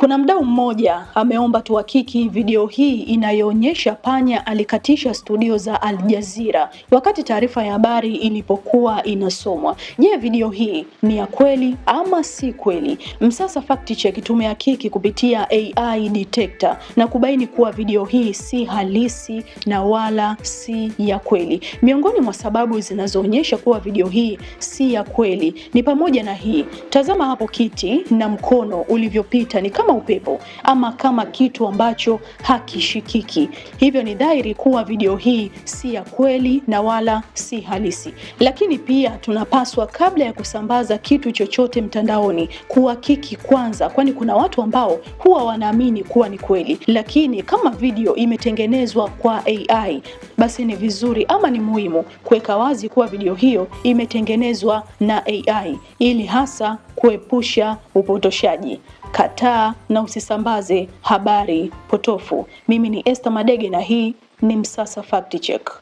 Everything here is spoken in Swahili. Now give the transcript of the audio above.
Kuna mdau mmoja ameomba tuhakiki video hii inayoonyesha panya alikatisha studio za Al Jazeera wakati taarifa ya habari ilipokuwa inasomwa. Je, video hii ni ya kweli ama si kweli? Msasa Fact Check tumehakiki kupitia AI detector na kubaini kuwa video hii si halisi na wala si ya kweli. Miongoni mwa sababu zinazoonyesha kuwa video hii si ya kweli ni pamoja na hii. Tazama hapo kiti na mkono ulivyopita ni kama kama upepo ama kama kitu ambacho hakishikiki. Hivyo ni dhahiri kuwa video hii si ya kweli na wala si halisi. Lakini pia tunapaswa kabla ya kusambaza kitu chochote mtandaoni kuhakiki kwanza, kwani kuna watu ambao huwa wanaamini kuwa ni kweli, lakini kama video imetengenezwa kwa AI, basi ni vizuri ama ni muhimu kuweka wazi kuwa video hiyo imetengenezwa na AI ili hasa kuepusha upotoshaji kataa na usisambaze habari potofu. Mimi ni Esther Madege na hii ni Msasa Fact Check.